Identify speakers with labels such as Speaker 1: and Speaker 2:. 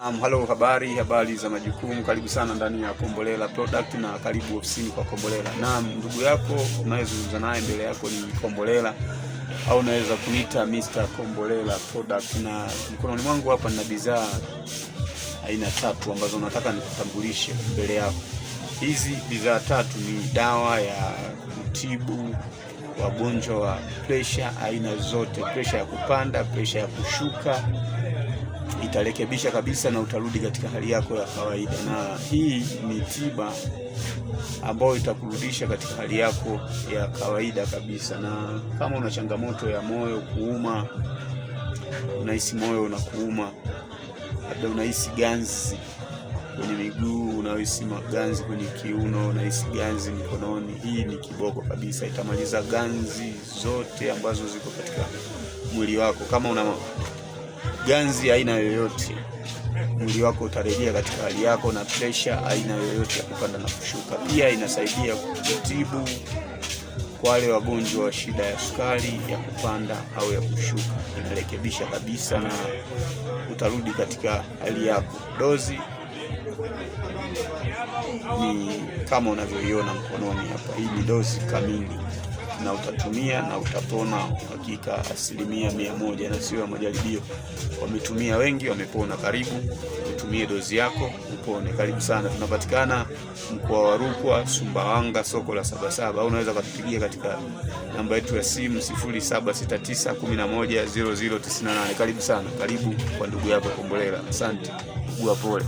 Speaker 1: Um, halo, habari habari za majukumu, karibu sana ndani ya Kombolela Product na karibu ofisini kwa Kombolela. Naam, ndugu yako unayezungumza naye mbele yako ni Kombolela au unaweza kuniita Mr. Kombolela Product, na mkononi mwangu hapa nina bidhaa aina tatu ambazo nataka nikutambulishe mbele yako. Hizi bidhaa tatu ni dawa ya kutibu wagonjwa wa presha aina zote, presha ya kupanda, presha ya kushuka itarekebisha kabisa na utarudi katika hali yako ya kawaida, na hii ni tiba ambayo itakurudisha katika hali yako ya kawaida kabisa. Na kama una changamoto ya moyo kuuma, unahisi moyo unakuuma, labda unahisi ganzi kwenye miguu, unahisi ganzi kwenye kiuno, unahisi ganzi mikononi, hii ni kiboko kabisa, itamaliza ganzi zote ambazo ziko katika mwili wako. Kama una ganzi aina yoyote, mwili wako utarejea katika hali yako, na presha aina yoyote ya kupanda na kushuka. Pia inasaidia kutibu kwa wale wagonjwa wa shida ya sukari ya kupanda au ya kushuka, inarekebisha kabisa na utarudi katika hali yako. Dozi ni kama unavyoiona mkononi hapa, hii ni dozi kamili na utatumia na utapona hakika asilimia mia moja, na sio ya majaribio. Wametumia wengi, wamepona. Karibu utumie dozi yako upone. Karibu sana, tunapatikana mkoa wa Rukwa, Sumbawanga, soko la Sabasaba, au unaweza kutupigia katika namba yetu ya simu 0769110098. Karibu sana, karibu kwa ndugu yako Kombolela. Asante, ugua pole.